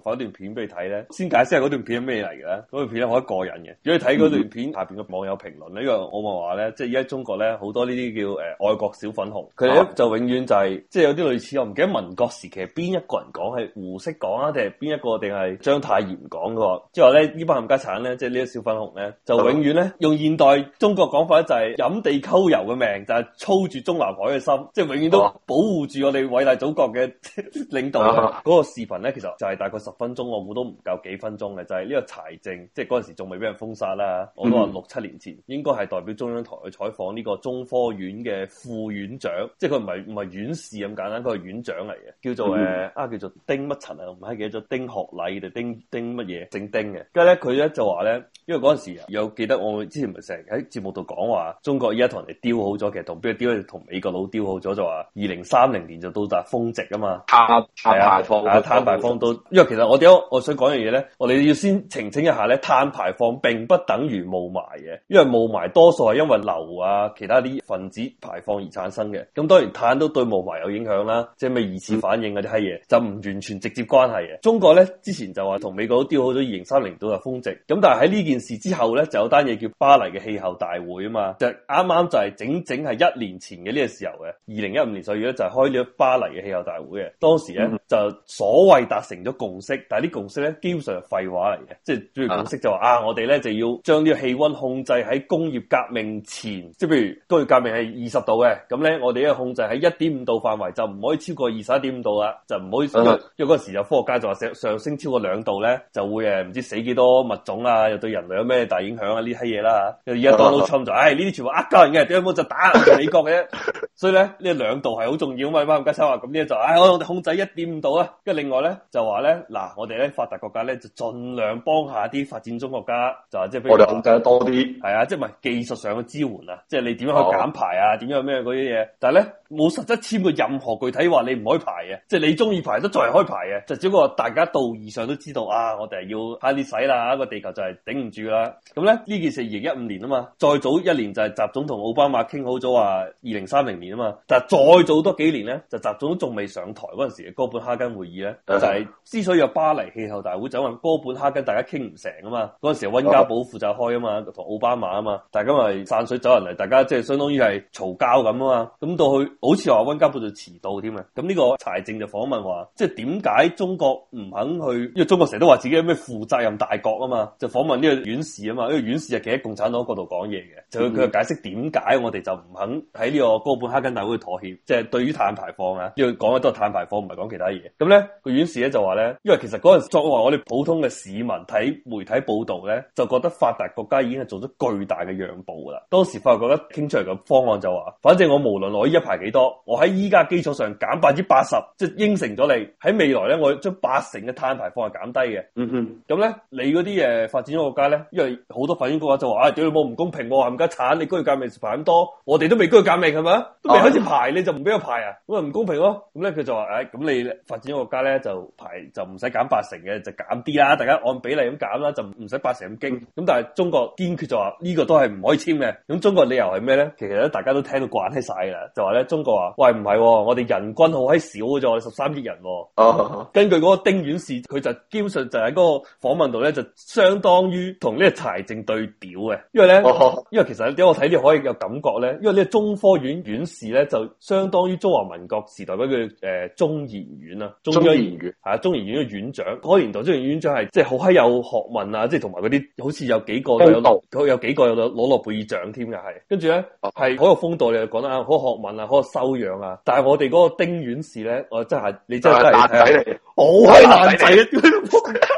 放一段片俾你睇咧，先解釋下嗰段片係咩嚟嘅咧。嗰段片咧好一個人嘅，如果你睇嗰段片下邊嘅網友評論呢，因為我咪話咧，即係而家中國咧好多呢啲叫誒愛國小粉紅，佢哋咧就永遠就係即係有啲類似我唔記得民國時期邊一個人講係胡適講啊，定係邊一個定係張太炎講嘅喎，即係話咧呢班冚家產咧，即係呢啲小粉紅咧，就永遠咧用現代中國講法就係飲地溝油嘅命，就係、是、操住中南海嘅心，即係永遠都保護住我哋偉大祖國嘅 領導。嗰個視頻咧，其實就係大概十十分鐘我估都唔夠幾分鐘嘅，就係、是、呢個柴靜，即係嗰陣時仲未俾人封殺啦。我都話六七年前應該係代表中央台去採訪呢個中科院嘅副院長，即係佢唔係唔係院士咁簡單，佢係院長嚟嘅，叫做誒啊，叫做丁乜陳啊，唔係記得咗丁學禮定丁丁乜嘢，姓丁嘅。跟住咧，佢咧就話咧，因為嗰陣時有記得我之前咪成日喺節目度講話，中國依家同人哋雕好咗，其實同邊個雕，同美國佬雕好咗就話二零三零年就到達峰值啊嘛。攤攤牌方，攤牌方都，因為其實。我點樣？我想講樣嘢咧，我哋要先澄清一下咧，碳排放並不等於霧霾嘅，因為霧霾多數係因為硫啊，其他啲分子排放而產生嘅。咁當然碳都對霧霾有影響啦，即係咪二次反應嗰啲係嘢就唔完全直接關係嘅。中國咧之前就話同美國都調好咗二零三零度嘅峰值，咁但係喺呢件事之後咧，就有單嘢叫巴黎嘅氣候大會啊嘛，就啱啱就係整整係一年前嘅呢個時候嘅，二零一五年十月咧就係開咗巴黎嘅氣候大會嘅，當時咧就所謂達成咗共識。但係啲共識咧，基本上係廢話嚟嘅，即係主要共識就話啊，啊，我哋咧就要將啲氣溫控制喺工業革命前，即係譬如工業革命係二十度嘅，咁咧我哋要控制喺一點五度範圍，就唔可以超過二十一點五度啊，就唔可以，因為嗰時候有科學家就話上升超過兩度咧，就會誒唔知死幾多物種啊，又對人類有咩大影響啊，呢批嘢啦吓。而家當老襯就，唉呢啲全部呃鳩人嘅，點解冇就打美國嘅？所以咧呢兩度係好重要啊嘛，溫家山話咁呢就，唉我哋控制一點五度啊，跟住另外咧就話咧嗱。啊！我哋咧發達國家咧就盡量幫下啲發展中國家，就係即係我哋控制得多啲，係啊！即係唔係技術上嘅支援啊？即係你點樣去減排啊？點樣咩嗰啲嘢？但係咧。冇實質簽過任何具體話你唔可以排嘅，即係你中意排都再開排嘅，就是、只不過大家道義上都知道啊，我哋係要慳啲使啦，個地球就係頂唔住啦。咁咧呢件事二零一五年啊嘛，再早一年就係習總同奧巴馬傾好咗話二零三零年啊嘛，但係再早多幾年咧，就習總仲未上台嗰陣嘅哥本哈根會議咧就係之所以有巴黎氣候大會就係哥本哈根大家傾唔成啊嘛，嗰陣時温家寶負責開啊嘛，同奧巴馬啊嘛，大家咪散水走人嚟，大家即係相當於係嘈交咁啊嘛，咁到去。好似話温家寶就遲到添啊！咁呢個柴靜就訪問話，即係點解中國唔肯去？因為中國成日都話自己有咩負責任大國啊嘛，就訪問呢個院士啊嘛，呢個院士就企喺共產黨嗰度講嘢嘅，就佢解釋點解我哋就唔肯喺呢個哥本哈根大會妥協，即係對於碳排放啊，要講嘅都係碳排放，唔係講其他嘢。咁咧個院士咧就話咧，因為其實嗰陣作為我哋普通嘅市民睇媒體報導咧，就覺得發達國家已經係做咗巨大嘅讓步啦。當時發達國家傾出嚟嘅方案就話，反正我無論攞呢一排幾多，我喺依家基礎上減百分之八十，即係應承咗你喺未來咧，我將八成嘅碳排放係減低嘅。嗯哼，咁咧你嗰啲誒發展中國家咧，因為好多發展國家就話啊屌你冇唔公平喎、啊，冚家鏟，你搞工業革命時排咁多，我哋都未搞工業革命、啊。」係咪都未開始排，你就唔俾我排啊？咁啊唔公平咯、啊。咁咧佢就話誒，咁、哎、你發展中國家咧就排就唔使減八成嘅，就減啲啦，大家按比例咁減啦，就唔使八成咁驚。咁、嗯、哼但係中國堅決就話呢個都係唔可以簽嘅。咁中國理由係咩咧？其實咧大家都聽到慣喺曬啦，就話咧中。個話，喂，唔係、哦，我哋人均好閪少咗十三億人。哦，uh huh. 根據嗰個丁院士，佢就基本上就喺嗰個訪問度咧，就相當於同呢個財政對表嘅。因為咧，uh huh. 因為其實點我睇你可以有感覺咧。因為呢個中科院院士咧，就相當於中華民國時代嗰個誒中研院啊，中央院系啊，中研院嘅院、院、院長嗰個年代，中研院長係即係好閪有學問啊，即係同埋嗰啲好似有、到有、有幾個有有幾個有攞諾貝爾獎添嘅係。跟住咧係好有風度，你就講得啱，好學問啊，好、啊。修養啊！但係我哋嗰個丁遠士咧，我真係你真係爛仔嚟，我係爛仔啊！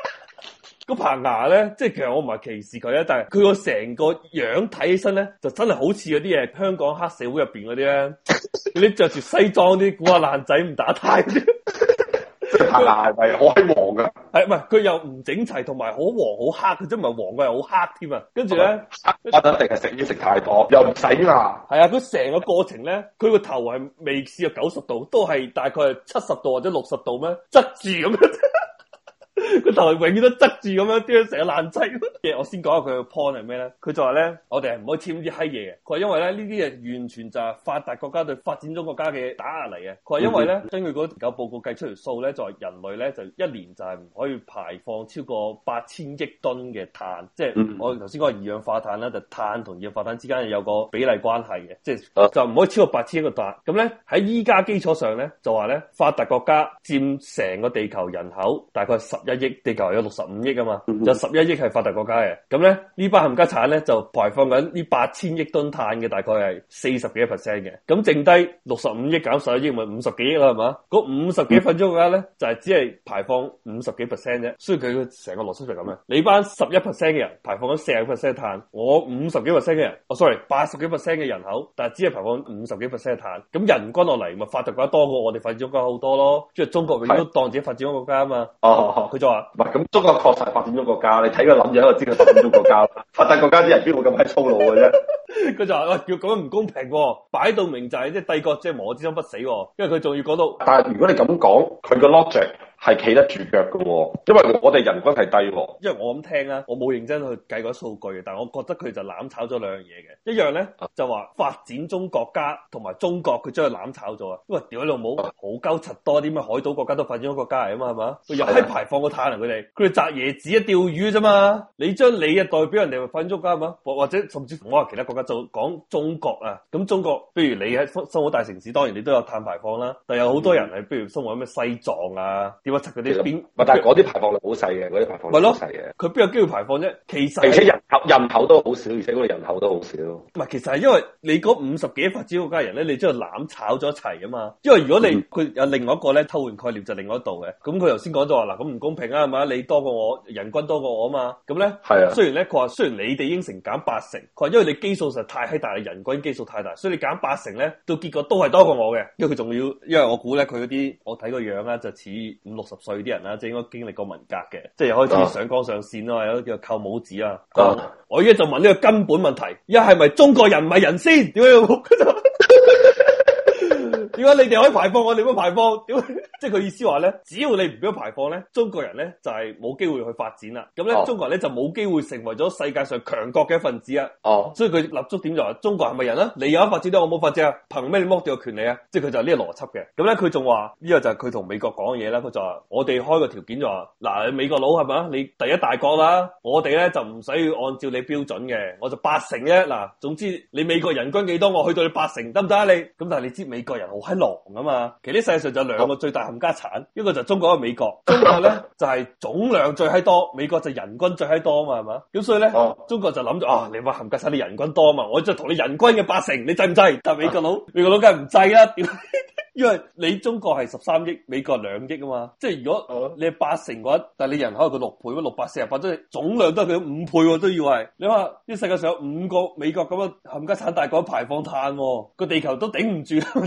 個 棚牙咧，即係其實我唔係歧視佢啊，但係佢個成個樣睇起身咧，就真係好似嗰啲嘢，香港黑社會入邊嗰啲咧， 你着住西裝啲古惑爛仔唔打呔 係咪好黃噶？係，唔係佢又唔整齊，同埋好黃好黑，佢即係唔係黃嘅，係好黑添啊！跟住咧，我一定係食嘢食太多，又唔使啊！係啊，佢成個過程咧，佢個頭係未試過九十度，都係大概係七十度或者六十度咩？側住咁樣。 個 頭永遠都執住咁樣，啲成日爛仔。我先講下佢個 point 係咩咧？佢就話咧，我哋係唔可以簽啲閪嘢嘅。佢係因為咧，呢啲嘢完全就係發達國家對發展中國家嘅打壓嚟嘅。佢係因為咧，根據嗰個報告計出條數咧，就係、是、人類咧就一年就係唔可以排放超過八千億噸嘅碳。即、就、係、是、我哋頭先講二氧化碳啦，就是、碳同二氧化碳之間有個比例關係嘅，即係就唔、是、可以超過八千億個碳。咁咧喺依家基礎上咧，就話咧發達國家佔成個地球人口大概十。一億地球有六十五億啊嘛，就十一億係發達國家嘅，咁咧呢班冚家產咧就排放緊呢八千億噸碳嘅，大概係四十幾 percent 嘅，咁剩低六十五億減十一億咪五十幾億啦，係嘛？嗰五十幾分鐘嘅國家咧就係、是、只係排放五十幾 percent 啫，所以佢成個邏輯就係咁嘅。你班十一 percent 嘅人排放緊四十 percent 碳，我五十幾 percent 嘅人，哦、oh，sorry，八十幾 percent 嘅人口，但係只係排放五十幾 percent 碳，咁人均落嚟咪發達國家多過我哋發展國家好多咯，即係中國永遠都當自己發展國家啊嘛。Oh, oh, oh. 佢就話唔係咁，中國確實發展中國家。你睇佢諗樣，就知佢發展中國家。發達 國家啲人邊會咁鬼粗魯嘅啫？佢就話，喂、哎，叫咁樣唔公平、啊，擺到明就係即係帝國，即係亡我之心不死、啊。因為佢仲要講到。但係如果你咁講，佢個 logic。係企得住腳㗎喎，因為我哋人均係低喎。因為我咁聽啦，我冇認真去計嗰數據嘅，但係我覺得佢就攬炒咗兩樣嘢嘅。一樣咧就話發展中國家同埋中國，佢將佢攬炒咗啊！因為屌你老母，好鳩柒多啲咩海島國家都發展咗國家嚟啊嘛，係嘛？佢又係排放個碳啊！佢哋佢哋摘椰子啊、釣魚啫嘛。你將你啊代表人哋發展中國家係嘛？或或者甚至乎我話其他國家就講中國啊。咁中國，譬如你喺生活大城市，當然你都有碳排放啦。但有好多人係，譬如生活喺咩西藏啊。其實但係嗰啲排放量好細嘅，嗰啲排放量好細嘅。佢邊有機會排放啫？其實而且人口人口都好少，而且嗰個人口都好少。唔係，其實係因為你嗰五十幾份子嗰家人咧，你即係攬炒咗一齊啊嘛。因為如果你佢、嗯、有另外一個咧，偷換概念就另外一度嘅。咁佢頭先講咗話嗱，咁唔公平啊，係嘛？你多過我，人均多過我啊嘛？咁咧，係啊。雖然咧，佢話雖然你哋應承減八成，佢話因為你基數實在太大，但係人均基數太大，所以你減八成咧，到結果都係多過我嘅。因為佢仲要，因為我估咧，佢嗰啲我睇個樣咧就似六十歲啲人啦，即係應該經歷過文革嘅，即係又開始上綱上線啦，有啲叫扣帽子啊、啊。我而家就問呢個根本問題，一係咪中國人唔係人先？點解要？如果你哋可以排放，我哋可以排放，點解？即係佢意思話咧，只要你唔俾我排放咧，中國人咧就係冇機會去發展啦。咁咧，中國人咧就冇機會成為咗世界上強國嘅一份子啊。哦，所以佢立足點就話，中國係咪人啊？你有得發展，我冇發展啊？憑咩你剝掉我權利啊？即係佢就係呢個邏輯嘅。咁咧，佢仲話呢個就係佢同美國講嘅嘢啦。佢就話我哋開個條件就話嗱，你美國佬係咪啊？你第一大國啦，我哋咧就唔使按照你標準嘅，我就八成啫。嗱，總之你美國人均幾多，我去到你八成得唔得啊你？你咁但係你知美國人好。在狼啊嘛，其實世界上就兩個最大冚家產，一個就是中國，美國。中國咧就係、是、總量最閪多，美國就是人均最閪多啊嘛，係嘛？咁所以咧，中國就諗住啊，你話冚家產人你人均多啊嘛，我即係同你人均嘅八成，你制唔制？但係美國佬，美國佬梗係唔制啦，因為你中國係十三億，美國兩億啊嘛，即係如果你係八成嘅話，但係你人口係佢六倍，六百四十八，即係總量都係佢五倍都要係。你話呢世界上有五個美國咁嘅冚家產大國排放碳，個地球都頂唔住。呵呵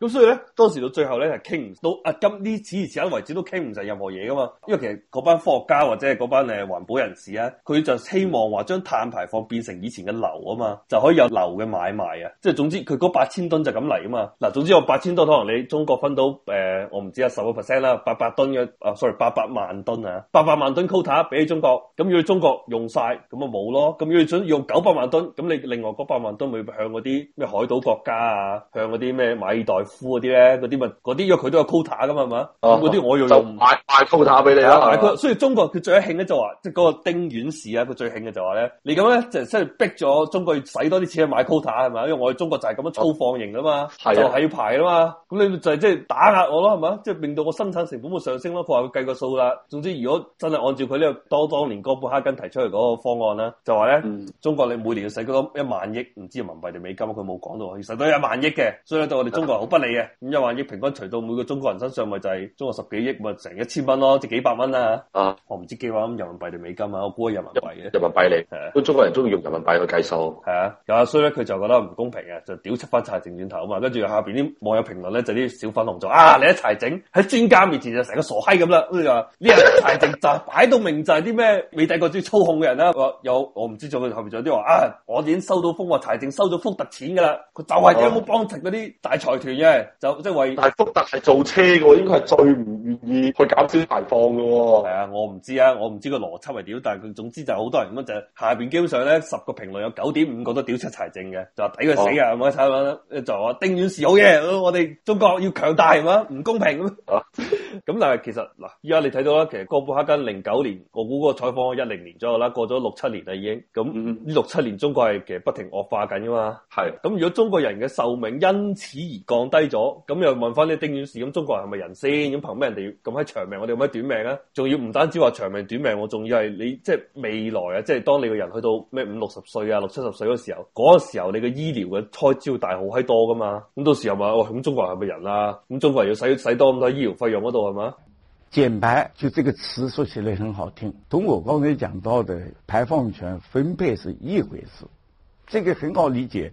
咁所以咧，當時到最後咧係傾唔到，啊今呢此時此刻為止都傾唔成任何嘢噶嘛。因為其實嗰班科學家或者係嗰班誒環保人士啊，佢就希望話將碳排放變成以前嘅硫啊嘛，就可以有硫嘅買賣啊。即係總之佢嗰八千噸就咁嚟啊嘛。嗱，總之我八千噸可能你中國分到誒、呃，我唔知啊十個 percent 啦，八百噸嘅啊，sorry，八百萬噸啊，八百萬噸 quota 俾中國。咁如果中國用晒，咁啊冇咯。咁如果想用九百萬噸，咁你另外嗰百萬噸咪向嗰啲咩海島國家啊，向嗰啲咩馬爾代？富嗰啲咧，嗰啲咪嗰啲，因為佢都有 quota 噶嘛，係嘛？哦，嗰啲我要用唔買買 quota 俾你啊！唔係佢，所以中國佢最興咧就話，即係嗰個丁院士啊，佢最興嘅就話咧，你咁咧就即、是、係逼咗中國要使多啲錢去買 quota 係咪？因為我哋中國就係咁樣粗放型啊嘛，啊就係要排啊嘛。咁的你就係即係打壓我咯，係嘛？即係令到我生產成本會上升咯。佢話佢計個數啦。總之如果真係按照佢呢個當當年哥布哈根提出嚟嗰個方案啦，就話咧，嗯、中國你每年要使嗰一萬億，唔知人民幣定美金，佢冇講到，其實都有一萬億嘅。所以咧，對我哋中國好不嚟嘅，咁一萬億平均除到每個中國人身上，咪就係中國十幾億，咪成一千蚊咯，即係幾百蚊啦啊，啊我唔知幾百蚊，人民幣定美金啊？我估係人民幣，人民幣嚟。佢中國人中意用人民幣去計數。係啊，咁所以咧，佢就覺得唔公平啊，就屌七翻柴政轉頭啊嘛。跟住下邊啲網友評論咧，就啲小粉紅就啊！你一齊整喺專家面前就成個傻閪咁啦。跟住話呢個柴政就擺到明就係啲咩美帝國最操控嘅人啦，啊。有我唔知咗，佢後邊仲有啲話啊，我已經收到風啊，柴政收咗福特錢噶啦。佢就係有冇幫襯嗰啲大財團啫。就即係、就是、為但是福特係做車嘅，應該係最唔願意去搞呢啲排放嘅。係啊，我唔知啊，我唔知個邏輯係點，但係佢總之就係好多人咁就是、下邊基本上咧，十個評論有九點五個都屌出柴靜嘅，就話抵佢死啊，係嘛、啊，就話丁院士好嘢，我哋中國要強大係嘛，唔公平咁。咁、啊、 但係其實嗱，依家你睇到啦，其實哥本哈根零九年我估個採訪，我一零年左右啦，過咗六七年啦已經。咁呢六七年中國係其實不停惡化緊噶嘛。係咁的，如果中國人嘅壽命因此而降低。低咗，咁又問翻你丁院士咁，中國人係咪人先？咁憑咩人哋咁閪長命，我哋有咩短命啊？仲要唔單止話長命短命，我仲要係你即係未來啊！即係當你個人去到咩五六十歲啊、六七十歲嗰時候，嗰、嗰個時候你嘅醫療嘅開銷大好閪多噶嘛？咁到時候嘛，哇！咁中國人係咪人啦？咁中國人要使使多咁多醫療費用嗰度係嘛？減排就這個詞說起來很好聽，同我剛才講到的排放權分配是一回事，這個很好理解。